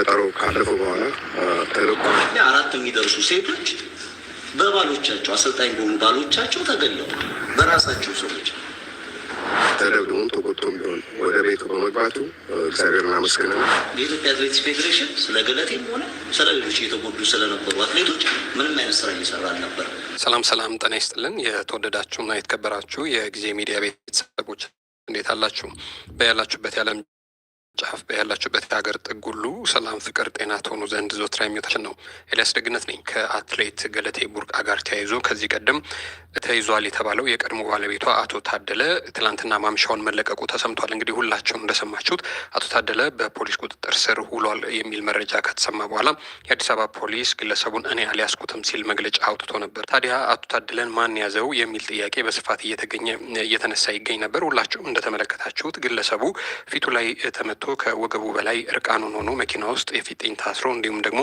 ቀጠሮ ካለፉ በኋላ ተልኳል። አራት የሚደርሱ ሴቶች በባሎቻቸው አሰልጣኝ በሆኑ ባሎቻቸው ተገለዋል። በራሳቸው ሰዎች ተደብድቦም ተቆጥቶም ቢሆን ወደ ቤቱ በመግባቱ እግዚአብሔር እናመስግናለን። የኢትዮጵያ አትሌቲክስ ፌዴሬሽን ስለ ገለቴም ሆነ ስለ ሌሎች የተጎዱ ስለነበሩ አትሌቶች ምንም አይነት ስራ እየሰራ አልነበር። ሰላም ሰላም፣ ጤና ይስጥልን። የተወደዳችሁና የተከበራችሁ የጊዜ ሚዲያ ቤተሰቦች እንዴት አላችሁ? በያላችሁበት የዓለም ጫፍ ያላችሁበት የሀገር ጥግ ሁሉ ሰላም፣ ፍቅር፣ ጤና ትሆኑ ዘንድ ዘወትር ምኞታችን ነው። ኤልያስ ደግነት ነኝ ከአትሌት ገለቴ ቡርቃ ጋር ተያይዞ ከዚህ ቀደም ተይዟል የተባለው የቀድሞ ባለቤቷ አቶ ታደለ ትላንትና ማምሻውን መለቀቁ ተሰምቷል። እንግዲህ ሁላቸውም እንደሰማችሁት አቶ ታደለ በፖሊስ ቁጥጥር ስር ውሏል የሚል መረጃ ከተሰማ በኋላ የአዲስ አበባ ፖሊስ ግለሰቡን እኔ አልያዝኩትም ሲል መግለጫ አውጥቶ ነበር። ታዲያ አቶ ታደለን ማን ያዘው የሚል ጥያቄ በስፋት እየተገኘ እየተነሳ ይገኝ ነበር። ሁላቸውም እንደተመለከታችሁት ግለሰቡ ፊቱ ላይ ተመቶ ከወገቡ በላይ እርቃኑን ሆኖ መኪና ውስጥ የፊጥኝ ታስሮ እንዲሁም ደግሞ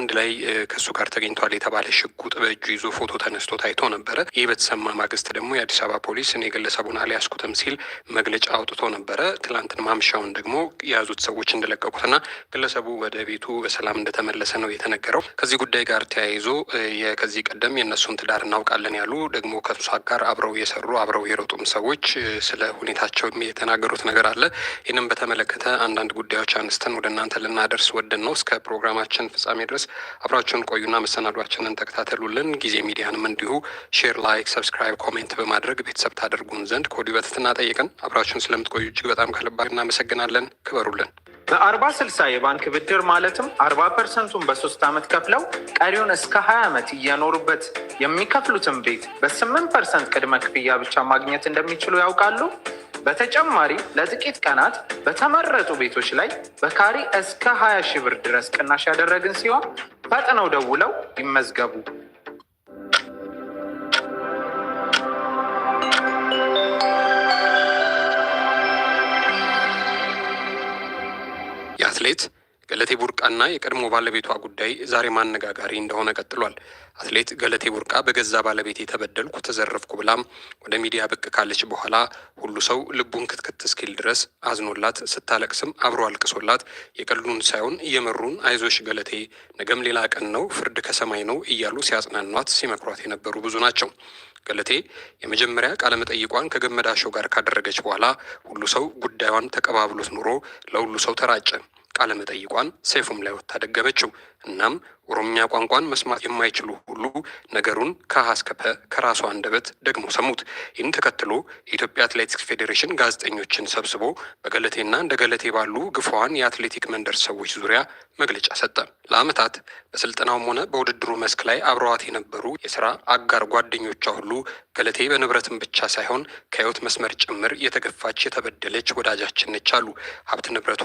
አንድ ላይ ከእሱ ጋር ተገኝቷል የተባለ ሽጉጥ በእጁ ይዞ ፎቶ ተነስቶ ታይቶ ነበረ። በተሰማ ማግስት ደግሞ የአዲስ አበባ ፖሊስ እኔ ግለሰቡን አልያዝኩትም ሲል መግለጫ አውጥቶ ነበረ። ትላንትን ማምሻውን ደግሞ የያዙት ሰዎች እንደለቀቁትና ግለሰቡ ወደ ቤቱ በሰላም እንደተመለሰ ነው የተነገረው። ከዚህ ጉዳይ ጋር ተያይዞ ከዚህ ቀደም የእነሱን ትዳር እናውቃለን ያሉ ደግሞ ከሷ ጋር አብረው የሰሩ አብረው የሮጡም ሰዎች ስለ ሁኔታቸው የተናገሩት ነገር አለ። ይህንም በተመለከተ አንዳንድ ጉዳዮች አንስተን ወደ እናንተ ልናደርስ ወደን ነው። እስከ ፕሮግራማችን ፍጻሜ ድረስ አብራችሁን ቆዩና መሰናዷችንን ተከታተሉልን። ጊዜ ሚዲያንም እንዲሁ ሼር ላይ ላይክ፣ ሰብስክራይብ፣ ኮሜንት በማድረግ ቤተሰብ ታደርጉን ዘንድ ከወዲሁ በትህትና ጠይቀን አብራችሁን ስለምትቆዩ እጅግ በጣም ከልባ እናመሰግናለን። ክበሩልን። በአርባ ስልሳ የባንክ ብድር ማለትም አርባ ፐርሰንቱን በሶስት ዓመት ከፍለው ቀሪውን እስከ ሀያ ዓመት እየኖሩበት የሚከፍሉትን ቤት በስምንት ፐርሰንት ቅድመ ክፍያ ብቻ ማግኘት እንደሚችሉ ያውቃሉ? በተጨማሪ ለጥቂት ቀናት በተመረጡ ቤቶች ላይ በካሪ እስከ 20 ሺህ ብር ድረስ ቅናሽ ያደረግን ሲሆን ፈጥነው ደውለው ይመዝገቡ። የአትሌት ገለቴ ቡርቃና የቀድሞ ባለቤቷ ጉዳይ ዛሬ ማነጋጋሪ እንደሆነ ቀጥሏል። አትሌት ገለቴ ቡርቃ በገዛ ባለቤት የተበደልኩ ተዘረፍኩ ብላም ወደ ሚዲያ ብቅ ካለች በኋላ ሁሉ ሰው ልቡን ክትክት እስኪል ድረስ አዝኖላት ስታለቅስም አብሮ አልቅሶላት የቀሉን ሳይሆን እየመሩን አይዞሽ ገለቴ ነገም ሌላ ቀን ነው፣ ፍርድ ከሰማይ ነው እያሉ ሲያጽናኗት ሲመክሯት የነበሩ ብዙ ናቸው። ገለቴ የመጀመሪያ ቃለመጠይቋን ከገመዳሸው ጋር ካደረገች በኋላ ሁሉ ሰው ጉዳዩን ተቀባብሎት ኑሮ ለሁሉ ሰው ተራጨ። ቃለመጠይቋን ሰይፉም ላይ ወታ ደገመችው። እናም ኦሮምኛ ቋንቋን መስማት የማይችሉ ሁሉ ነገሩን ከሀስከፐ ከራሱ አንደበት ደግሞ ሰሙት። ይህን ተከትሎ የኢትዮጵያ አትሌቲክስ ፌዴሬሽን ጋዜጠኞችን ሰብስቦ በገለቴና እንደ ገለቴ ባሉ ግፏን የአትሌቲክ መንደር ሰዎች ዙሪያ መግለጫ ሰጠ። ለዓመታት በስልጠናውም ሆነ በውድድሩ መስክ ላይ አብረዋት የነበሩ የስራ አጋር ጓደኞቿ ሁሉ ገለቴ በንብረትም ብቻ ሳይሆን ከህይወት መስመር ጭምር የተገፋች የተበደለች ወዳጃችን ነች አሉ። ሀብት ንብረቷ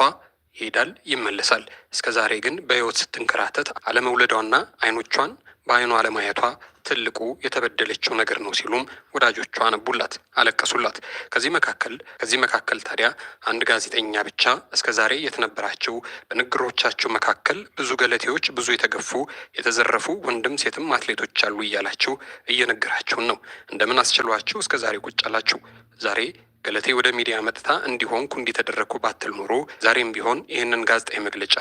ይሄዳል፣ ይመለሳል። እስከ ዛሬ ግን በህይወት ስትንከራተት አለመውለዷና አይኖቿን በአይኗ አለማየቷ ትልቁ የተበደለችው ነገር ነው ሲሉም ወዳጆቿ አነቡላት፣ አለቀሱላት። ከዚህ መካከል ከዚህ መካከል ታዲያ አንድ ጋዜጠኛ ብቻ እስከ ዛሬ የተነበራቸው በንግሮቻቸው መካከል ብዙ ገለቴዎች፣ ብዙ የተገፉ የተዘረፉ ወንድም ሴትም አትሌቶች አሉ እያላችሁ እየነገራችሁን ነው። እንደምን አስችሏችሁ እስከ ዛሬ ቁጭ አላችሁ ዛሬ ገለቴ ወደ ሚዲያ መጥታ እንዲሆንኩ እንዲተደረግኩ ባትል ኖሮ ዛሬም ቢሆን ይህንን ጋዜጣዊ መግለጫ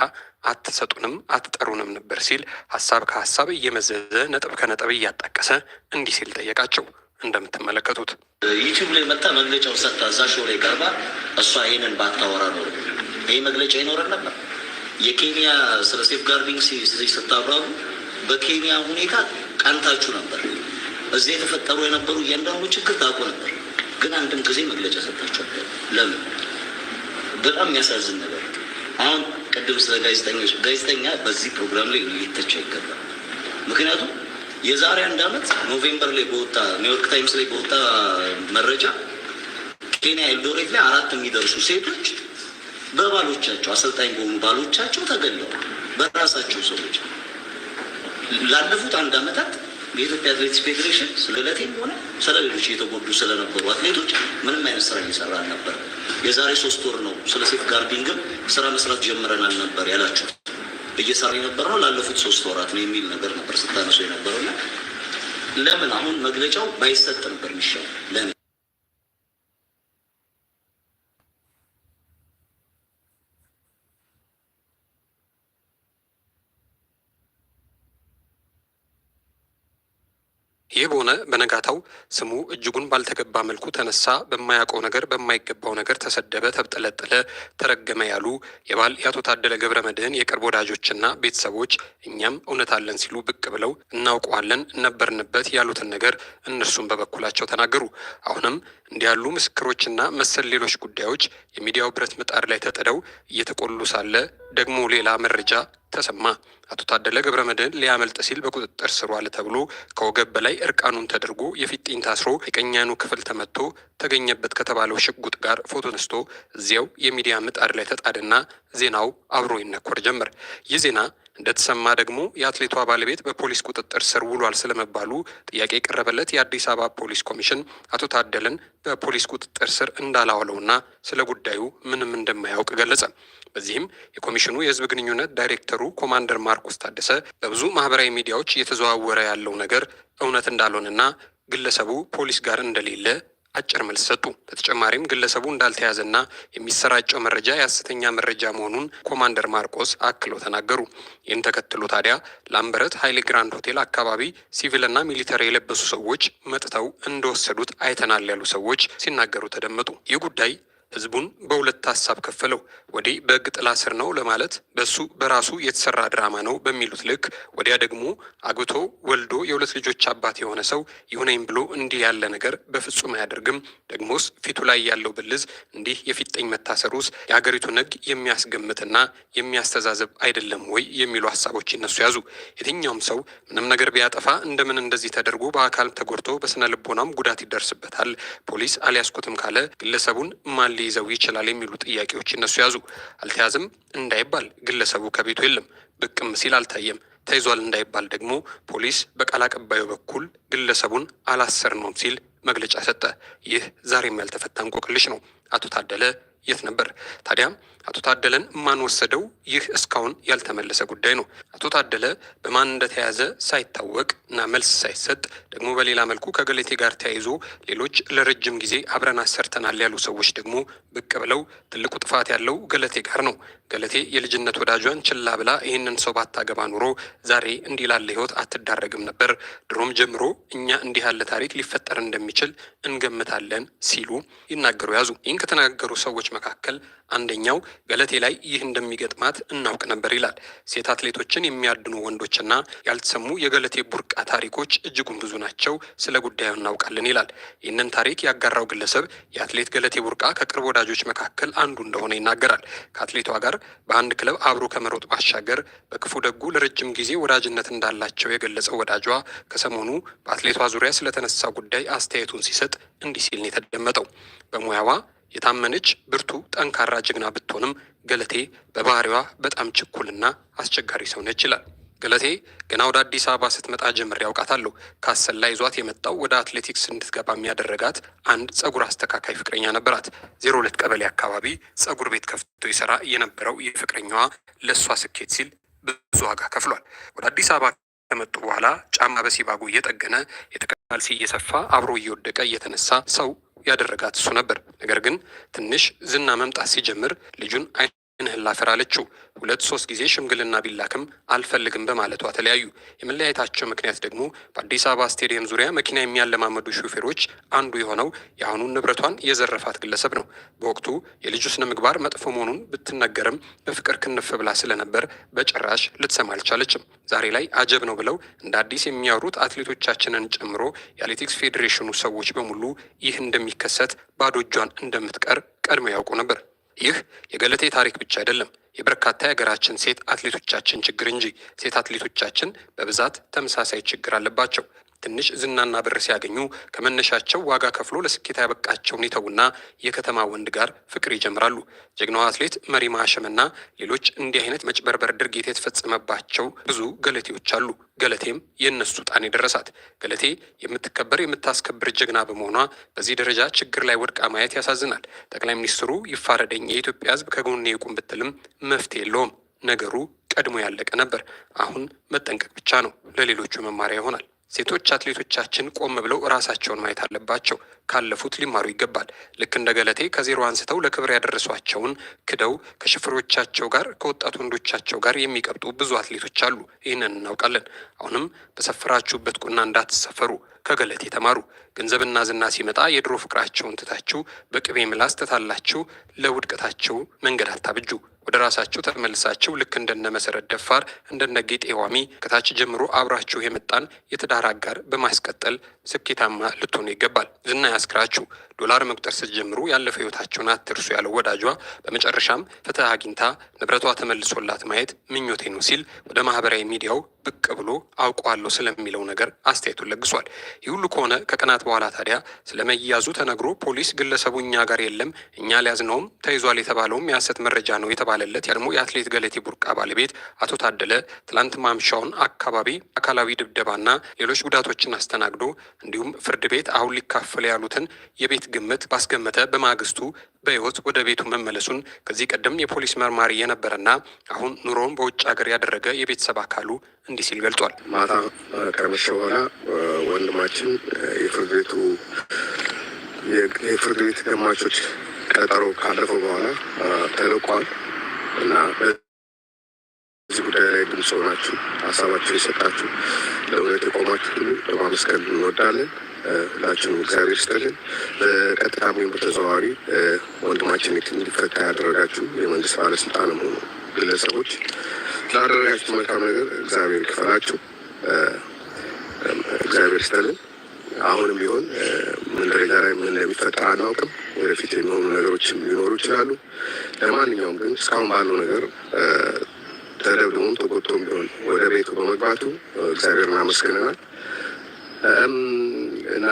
አትሰጡንም አትጠሩንም ነበር ሲል ሀሳብ ከሀሳብ እየመዘዘ ነጥብ ከነጥብ እያጣቀሰ እንዲህ ሲል ጠየቃቸው። እንደምትመለከቱት ዩቲዩብ ላይ መጣ መግለጫው ሰጥታ እዛ ሾው ላይ ቀርባ እሷ ይህንን ባታወራ ኖሮ ይህ መግለጫ ይኖረን ነበር። የኬንያ ስለ ሴፍ ጋርዲንግ ስታብራሩ በኬንያ ሁኔታ ቀንታችሁ ነበር። እዚህ የተፈጠሩ የነበሩ እያንዳንዱ ችግር ታውቁ ነበር። ግን አንድም ጊዜ መግለጫ ሰጥታችኋል። ለምን? በጣም የሚያሳዝን ነገር አሁን ቅድም ስለ ጋዜጠኞች ጋዜጠኛ በዚህ ፕሮግራም ላይ ሊተቻ ይገባል። ምክንያቱም የዛሬ አንድ ዓመት ኖቬምበር ላይ በወጣ ኒውዮርክ ታይምስ ላይ በወጣ መረጃ ኬንያ ኤልዶሬት ላይ አራት የሚደርሱ ሴቶች በባሎቻቸው አሰልጣኝ በሆኑ ባሎቻቸው ተገለዋል። በራሳቸው ሰዎች ላለፉት አንድ ዓመታት የኢትዮጵያ አትሌቲክስ ፌዴሬሽን ስለለቴም ሆነ ስለሌሎች እየተጎዱ ስለነበሩ አትሌቶች ምንም አይነት ስራ እየሰራ ነበር። የዛሬ ሶስት ወር ነው ስለ ሴፍ ጋርዲንግም ስራ መስራት ጀምረናል ነበር ያላችሁ እየሰራ የነበር ነው ላለፉት ሶስት ወራት ነው የሚል ነገር ነበር ስታነሱ የነበረው። ለምን አሁን መግለጫው ባይሰጥ ነበር የሚሻለው ለምን ይህ በሆነ በነጋታው ስሙ እጅጉን ባልተገባ መልኩ ተነሳ፣ በማያውቀው ነገር በማይገባው ነገር ተሰደበ፣ ተብጠለጠለ፣ ተረገመ ያሉ የባል የአቶ ታደለ ገብረ መድህን የቅርብ ወዳጆችና ቤተሰቦች እኛም እውነት አለን ሲሉ ብቅ ብለው እናውቀዋለን እነበርንበት ያሉትን ነገር እነርሱም በበኩላቸው ተናገሩ። አሁንም እንዲህ ያሉ ምስክሮችና መሰል ሌሎች ጉዳዮች የሚዲያው ብረት ምጣድ ላይ ተጥደው እየተቆሉ ሳለ ደግሞ ሌላ መረጃ ተሰማ። አቶ ታደለ ገብረ መድህን ሊያመልጥ ሲል በቁጥጥር ስር ዋለ ተብሎ ከወገብ በላይ እርቃኑን ተደርጎ የፊጢኝ ታስሮ የቀኛኑ ክፍል ተመቶ ተገኘበት ከተባለው ሽጉጥ ጋር ፎቶ ተነስቶ እዚያው የሚዲያ ምጣድ ላይ ተጣደና ዜናው አብሮ ይነኮር ጀመር። ይህ ዜና እንደተሰማ ደግሞ የአትሌቷ ባለቤት በፖሊስ ቁጥጥር ስር ውሏል ስለመባሉ ጥያቄ የቀረበለት የአዲስ አበባ ፖሊስ ኮሚሽን አቶ ታደለን በፖሊስ ቁጥጥር ስር እንዳላዋለውና ስለ ጉዳዩ ምንም እንደማያውቅ ገለጸ። በዚህም የኮሚሽኑ የህዝብ ግንኙነት ዳይሬክተሩ ኮማንደር ማርቆስ ታደሰ በብዙ ማህበራዊ ሚዲያዎች እየተዘዋወረ ያለው ነገር እውነት እንዳልሆነና ግለሰቡ ፖሊስ ጋር እንደሌለ አጭር መልስ ሰጡ። በተጨማሪም ግለሰቡ እንዳልተያዘና የሚሰራጨው መረጃ የሐሰተኛ መረጃ መሆኑን ኮማንደር ማርቆስ አክለው ተናገሩ። ይህን ተከትሎ ታዲያ ላምበረት ኃይሌ ግራንድ ሆቴል አካባቢ ሲቪልና ሚሊተሪ የለበሱ ሰዎች መጥተው እንደወሰዱት አይተናል ያሉ ሰዎች ሲናገሩ ተደመጡ። ይህ ጉዳይ ህዝቡን በሁለት ሀሳብ ከፈለው። ወዲህ በህግ ጥላ ስር ነው ለማለት በሱ በራሱ የተሰራ ድራማ ነው በሚሉት ልክ፣ ወዲያ ደግሞ አግብቶ ወልዶ የሁለት ልጆች አባት የሆነ ሰው ይሁነኝ ብሎ እንዲህ ያለ ነገር በፍጹም አያደርግም። ደግሞስ ፊቱ ላይ ያለው ብልዝ እንዲህ የፊጥኝ መታሰሩስ የሀገሪቱን ህግ የሚያስገምትና የሚያስተዛዘብ አይደለም ወይ የሚሉ ሀሳቦች ይነሱ ያዙ። የትኛውም ሰው ምንም ነገር ቢያጠፋ እንደምን እንደዚህ ተደርጎ በአካል ተጎድቶ በስነ ልቦናም ጉዳት ይደርስበታል። ፖሊስ አልያዝኩትም ካለ ግለሰቡን ማን ሊይዘው ይችላል የሚሉ ጥያቄዎች እነሱ ያዙ። አልተያዝም እንዳይባል ግለሰቡ ከቤቱ የለም፣ ብቅም ሲል አልታየም። ተይዟል እንዳይባል ደግሞ ፖሊስ በቃል አቀባዩ በኩል ግለሰቡን አላሰርነውም ሲል መግለጫ ሰጠ። ይህ ዛሬም ያልተፈታ እንቆቅልሽ ነው። አቶ ታደለ የት ነበር ታዲያ? አቶ ታደለን ማን ወሰደው? ይህ እስካሁን ያልተመለሰ ጉዳይ ነው። አቶ ታደለ በማን እንደተያዘ ሳይታወቅ እና መልስ ሳይሰጥ ደግሞ በሌላ መልኩ ከገለቴ ጋር ተያይዞ ሌሎች ለረጅም ጊዜ አብረን አሰርተናል ያሉ ሰዎች ደግሞ ብቅ ብለው ትልቁ ጥፋት ያለው ገለቴ ጋር ነው። ገለቴ የልጅነት ወዳጇን ችላ ብላ ይህንን ሰው ባታገባ ኑሮ ዛሬ እንዲህ ላለ ህይወት አትዳረግም ነበር። ድሮም ጀምሮ እኛ እንዲህ ያለ ታሪክ ሊፈጠር እንደሚችል እንገምታለን ሲሉ ይናገሩ ያዙ። ይህን ከተናገሩ ሰዎች መካከል አንደኛው ገለቴ ላይ ይህ እንደሚገጥማት እናውቅ ነበር ይላል። ሴት አትሌቶችን የሚያድኑ ወንዶችና ያልተሰሙ የገለቴ ቡርቃ ታሪኮች እጅጉን ብዙ ናቸው። ስለ ጉዳዩ እናውቃለን ይላል። ይህንን ታሪክ ያጋራው ግለሰብ የአትሌት ገለቴ ቡርቃ ከቅርብ ወዳጆች መካከል አንዱ እንደሆነ ይናገራል። ከአትሌቷ ጋር በአንድ ክለብ አብሮ ከመሮጥ ባሻገር በክፉ ደጉ ለረጅም ጊዜ ወዳጅነት እንዳላቸው የገለጸው ወዳጇ ከሰሞኑ በአትሌቷ ዙሪያ ስለተነሳ ጉዳይ አስተያየቱን ሲሰጥ እንዲህ ሲል ነው የተደመጠው። በሙያዋ የታመነች ብርቱ፣ ጠንካራ ጀግና ብትሆንም ገለቴ በባህሪዋ በጣም ችኩልና አስቸጋሪ ሰው ነች ይላል። ገለቴ ገና ወደ አዲስ አበባ ስትመጣ ጀምሬ ያውቃታለሁ። ካሰላ ይዟት የመጣው ወደ አትሌቲክስ እንድትገባ የሚያደረጋት አንድ ጸጉር አስተካካይ ፍቅረኛ ነበራት። ዜሮ ሁለት ቀበሌ አካባቢ ጸጉር ቤት ከፍቶ ይሰራ የነበረው የፍቅረኛዋ ለእሷ ስኬት ሲል ብዙ ዋጋ ከፍሏል። ወደ አዲስ አበባ ከመጡ በኋላ ጫማ በሲባጉ እየጠገነ የተቀማል እየሰፋ አብሮ እየወደቀ እየተነሳ ሰው ያደረጋት እሱ ነበር። ነገር ግን ትንሽ ዝና መምጣት ሲጀምር ልጁን እህል ላፈር አለችው። ሁለት ሶስት ጊዜ ሽምግልና ቢላክም አልፈልግም በማለቷ ተለያዩ። የመለያየታቸው ምክንያት ደግሞ በአዲስ አበባ ስቴዲየም ዙሪያ መኪና የሚያለማመዱ ሹፌሮች አንዱ የሆነው የአሁኑን ንብረቷን የዘረፋት ግለሰብ ነው። በወቅቱ የልጁ ስነ ምግባር መጥፎ መሆኑን ብትነገርም በፍቅር ክንፍ ብላ ስለነበር በጭራሽ ልትሰማ አልቻለችም። ዛሬ ላይ አጀብ ነው ብለው እንደ አዲስ የሚያወሩት አትሌቶቻችንን ጨምሮ የአትሌቲክስ ፌዴሬሽኑ ሰዎች በሙሉ ይህ እንደሚከሰት ባዶ እጇን እንደምትቀር ቀድሞ ያውቁ ነበር። ይህ የገለቴ ታሪክ ብቻ አይደለም፣ የበርካታ የሀገራችን ሴት አትሌቶቻችን ችግር እንጂ። ሴት አትሌቶቻችን በብዛት ተመሳሳይ ችግር አለባቸው። ትንሽ ዝናና ብር ሲያገኙ ከመነሻቸው ዋጋ ከፍሎ ለስኬት ያበቃቸውን ይተውና የከተማ ወንድ ጋር ፍቅር ይጀምራሉ። ጀግናው አትሌት ማሸም ሐሸምና ሌሎች እንዲህ አይነት መጭበርበር ድርጊት የተፈጸመባቸው ብዙ ገለቴዎች አሉ። ገለቴም የእነሱ ጣን የደረሳት። ገለቴ የምትከበር የምታስከብር ጀግና በመሆኗ በዚህ ደረጃ ችግር ላይ ወድቃ ማየት ያሳዝናል። ጠቅላይ ሚኒስትሩ ይፋረደኝ፣ የኢትዮጵያ ሕዝብ ከጎኔ ይቁም ብትልም መፍትሄ የለውም። ነገሩ ቀድሞ ያለቀ ነበር። አሁን መጠንቀቅ ብቻ ነው። ለሌሎቹ መማሪያ ይሆናል። ሴቶች አትሌቶቻችን ቆም ብለው ራሳቸውን ማየት አለባቸው። ካለፉት ሊማሩ ይገባል። ልክ እንደ ገለቴ ከዜሮ አንስተው ለክብር ያደረሷቸውን ክደው ከሽፍሮቻቸው ጋር ከወጣት ወንዶቻቸው ጋር የሚቀብጡ ብዙ አትሌቶች አሉ። ይህንን እናውቃለን። አሁንም በሰፈራችሁበት ቁና እንዳትሰፈሩ። ከገለቴ ተማሩ። ገንዘብና ዝና ሲመጣ የድሮ ፍቅራቸውን ትታችሁ በቅቤ ምላስ ትታላችሁ ለውድቀታችሁ መንገድ አታብጁ። ወደ ራሳችሁ ተመልሳችሁ ልክ እንደነ መሰረት ደፋር እንደነ ጌጤ ዋሚ ከታች ጀምሮ አብራችሁ የመጣን የትዳር አጋር በማስቀጠል ስኬታማ ልትሆኑ ይገባል። ዝና ያስክራችሁ። ዶላር መቁጠር ስትጀምሩ ያለፈ ህይወታቸውን አትርሱ ያለው ወዳጇ በመጨረሻም ፍትህ አግኝታ ንብረቷ ተመልሶላት ማየት ምኞቴ ነው ሲል ወደ ማህበራዊ ሚዲያው ብቅ ብሎ አውቀዋለሁ ስለሚለው ነገር አስተያየቱን ለግሷል። ይህ ሁሉ ከሆነ ከቀናት በኋላ ታዲያ ስለመያዙ ተነግሮ ፖሊስ ግለሰቡ እኛ ጋር የለም እኛ ሊያዝነውም ተይዟል የተባለውም የሐሰት መረጃ ነው የተባለለት ያድሞ የአትሌት ገለቴ ቡርቃ ባለቤት አቶ ታደለ ትላንት ማምሻውን አካባቢ አካላዊ ድብደባና ሌሎች ጉዳቶችን አስተናግዶ እንዲሁም ፍርድ ቤት አሁን ሊካፈል ያሉትን የቤት ግምት ባስገመተ በማግስቱ በሕይወት ወደ ቤቱ መመለሱን ከዚህ ቀደም የፖሊስ መርማሪ የነበረና አሁን ኑሮውን በውጭ ሀገር ያደረገ የቤተሰብ አካሉ እንዲህ ሲል ገልጿል። ማታ ከመሸ በኋላ ወንድማችን የፍርድ ቤቱ የፍርድ ቤት ገማቾች ቀጠሮ ካለፈው በኋላ ተለቋል እና በዚህ ጉዳይ ላይ ድምፅ ሆናችሁ ሀሳባችሁን የሰጣችሁ ለእውነት የቆማችሁ ለማመስገን እንወዳለን። ሁላችንም እግዚአብሔር ይስጥልን። በቀጥታ ወይም በተዘዋዋሪ ወንድማችን እንዲፈታ ያደረጋችሁ የመንግስት ባለስልጣንም ሆኑ ግለሰቦች ላደረጋችሁ መልካም ነገር እግዚአብሔር ይክፈላችሁ። እግዚአብሔር ይስጥልን። አሁንም ቢሆን ምን ደረጃ ላይ ምን እንደሚፈጠር አናውቅም። ወደፊት የሚሆኑ ነገሮችም ሊኖሩ ይችላሉ። ለማንኛውም ግን እስካሁን ባለው ነገር ተደብድቦም ተጎቶም ቢሆን ወደ ቤቱ በመግባቱ እግዚአብሔር እናመስግነናል። እና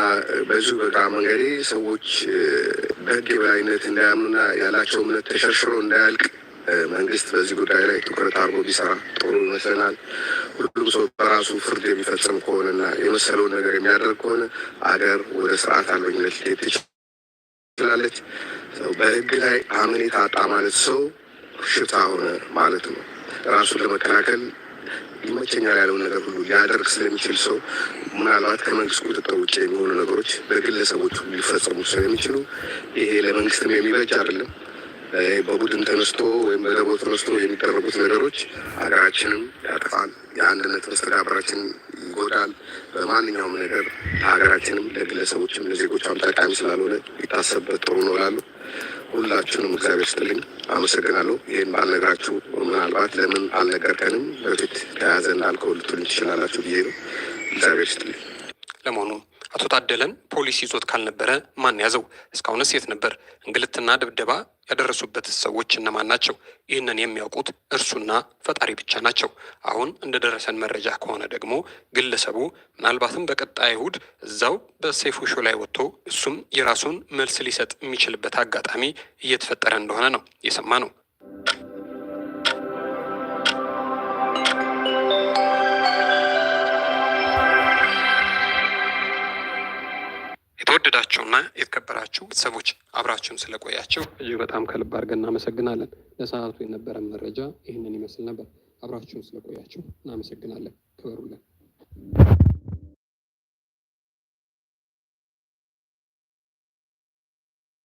በዚሁ በጣም መንገዴ ሰዎች በሕግ የበላይነት እንዳያምኑና ያላቸው እምነት ተሸርሽሮ እንዳያልቅ መንግስት በዚህ ጉዳይ ላይ ትኩረት አድርጎ ቢሰራ ጥሩ ይመስለናል። ሁሉም ሰው በራሱ ፍርድ የሚፈጽም ከሆነና የመሰለውን ነገር የሚያደርግ ከሆነ አገር ወደ ስርዓት አልበኝነት ሊሄድ ትችላለች። በሕግ ላይ አመኔታ አጣ ማለት ሰው ሽታ ሆነ ማለት ነው። ራሱን ለመከላከል ይመቸኛል ያለውን ነገር ሁሉ ሊያደርግ ስለሚችል ሰው ምናልባት ከመንግስት ቁጥጥር ውጭ የሚሆኑ ነገሮች በግለሰቦች ሊፈጸሙ ስለሚችሉ ይሄ ለመንግስትም የሚበጅ አይደለም። በቡድን ተነስቶ ወይም በደቦ ተነስቶ የሚደረጉት ነገሮች ሀገራችንም ያጠፋል፣ የአንድነት መስተጋብራችን ይጎዳል። በማንኛውም ነገር ለሀገራችንም፣ ለግለሰቦችም፣ ለዜጎቿም ጠቃሚ ስላልሆነ ሊታሰብበት ጥሩ ነው እላለሁ። ሁላችሁንም እግዚአብሔር ስጥልኝ አመሰግናለሁ። ይህን ባልነግራችሁ ምናልባት ለምን አልነገርከንም በፊት ተያዘ እንዳልከው ልትሉኝ ትችላላችሁ ብዬ ነው። እግዚአብሔር ስጥልኝ። ለመሆኑ አቶ ታደለን ፖሊስ ይዞት ካልነበረ ማን ያዘው? እስካሁንስ የት ነበር? እንግልትና ድብደባ ያደረሱበት ሰዎች እነማን ናቸው? ይህንን የሚያውቁት እርሱና ፈጣሪ ብቻ ናቸው። አሁን እንደደረሰን መረጃ ከሆነ ደግሞ ግለሰቡ ምናልባትም በቀጣይ እሁድ እዛው በሰይፉ ሾው ላይ ወጥቶ እሱም የራሱን መልስ ሊሰጥ የሚችልበት አጋጣሚ እየተፈጠረ እንደሆነ ነው የሰማ ነው። የተወደዳችሁና የተከበራችሁ ቤተሰቦች አብራችሁም ስለቆያችሁ እጅግ በጣም ከልብ አድርገን እናመሰግናለን። ለሰዓቱ የነበረን መረጃ ይህንን ይመስል ነበር። አብራችሁም ስለቆያችሁ እናመሰግናለን። ክበሩልን።